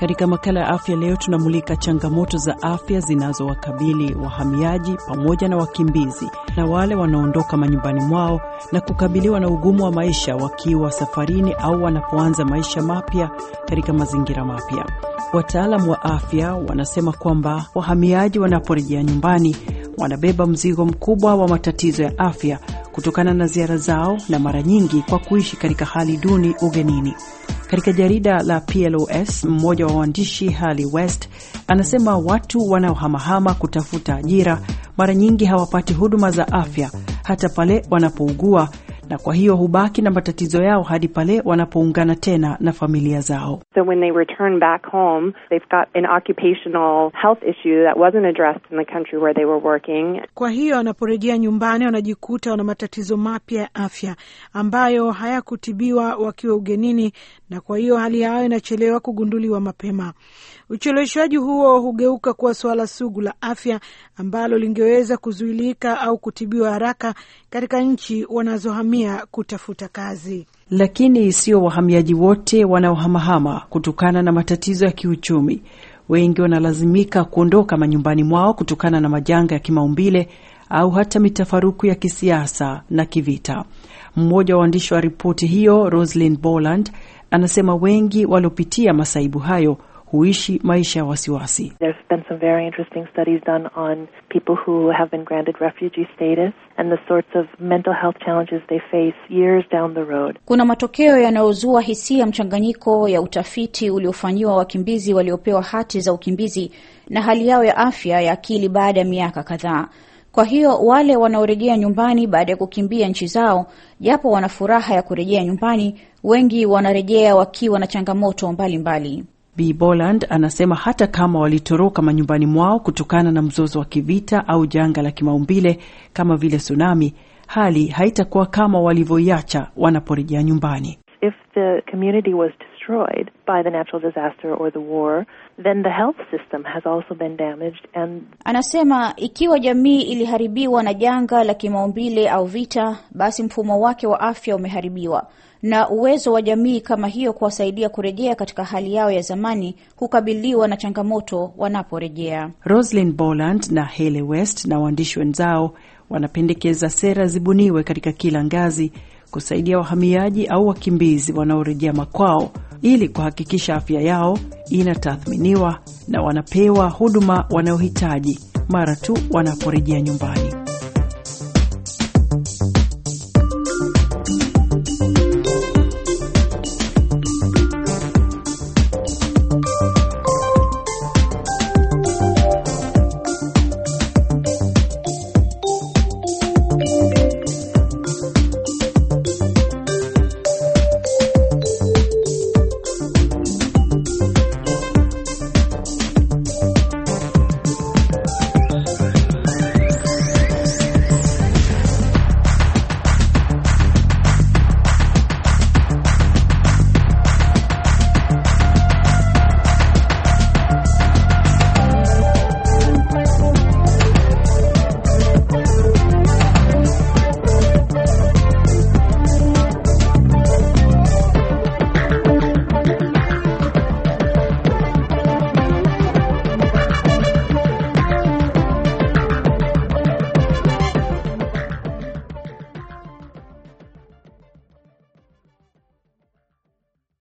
Katika makala ya afya leo, tunamulika changamoto za afya zinazowakabili wahamiaji pamoja na wakimbizi na wale wanaondoka manyumbani mwao na kukabiliwa na ugumu wa maisha wakiwa safarini au wanapoanza maisha mapya katika mazingira mapya. Wataalam wa afya wanasema kwamba wahamiaji wanaporejea nyumbani wanabeba mzigo mkubwa wa matatizo ya afya kutokana na ziara zao na mara nyingi kwa kuishi katika hali duni ugenini. Katika jarida la PLOS, mmoja wa waandishi Hali West anasema watu wanaohamahama kutafuta ajira mara nyingi hawapati huduma za afya hata pale wanapougua na kwa hiyo hubaki na matatizo yao hadi pale wanapoungana tena na familia zao. So when they return back home, they've got an occupational health issue that wasn't addressed in the country where they were working. Kwa hiyo wanaporejea nyumbani wanajikuta wana matatizo mapya ya afya ambayo hayakutibiwa wakiwa ugenini, na kwa hiyo hali yao inachelewa kugunduliwa mapema. Ucheleweshwaji huo hugeuka kuwa suala sugu la afya ambalo lingeweza kuzuilika au kutibiwa haraka katika nchi wanazohamia kuhamia kutafuta kazi. Lakini sio wahamiaji wote wanaohamahama kutokana na matatizo ya kiuchumi. Wengi wanalazimika kuondoka manyumbani mwao kutokana na majanga ya kimaumbile au hata mitafaruku ya kisiasa na kivita. Mmoja wa waandishi wa ripoti hiyo, Roslyn Boland, anasema wengi waliopitia masaibu hayo huishi maisha ya wasiwasi. There's been some very interesting studies done on people who have been granted refugee status and the sorts of mental health challenges they face years down the road. Kuna matokeo yanayozua hisia mchanganyiko ya utafiti uliofanyiwa wakimbizi waliopewa hati za ukimbizi na hali yao ya afya ya akili baada ya miaka kadhaa. Kwa hiyo wale wanaorejea nyumbani baada ya kukimbia nchi zao, japo wana furaha ya kurejea nyumbani, wengi wanarejea wakiwa na changamoto mbalimbali mbali. B Boland anasema hata kama walitoroka manyumbani mwao kutokana na mzozo wa kivita au janga la kimaumbile kama vile tsunami, hali haitakuwa kama walivyoiacha wanaporejea nyumbani. If the community was destroyed by the natural disaster or the war, then the health system has also been damaged and... Anasema ikiwa jamii iliharibiwa na janga la kimaumbile au vita, basi mfumo wake wa afya umeharibiwa na uwezo wa jamii kama hiyo kuwasaidia kurejea katika hali yao ya zamani hukabiliwa na changamoto wanaporejea. Roslyn Boland na Hele West na waandishi wenzao wanapendekeza sera zibuniwe katika kila ngazi kusaidia wahamiaji au wakimbizi wanaorejea makwao ili kuhakikisha afya yao inatathminiwa na wanapewa huduma wanayohitaji mara tu wanaporejea nyumbani.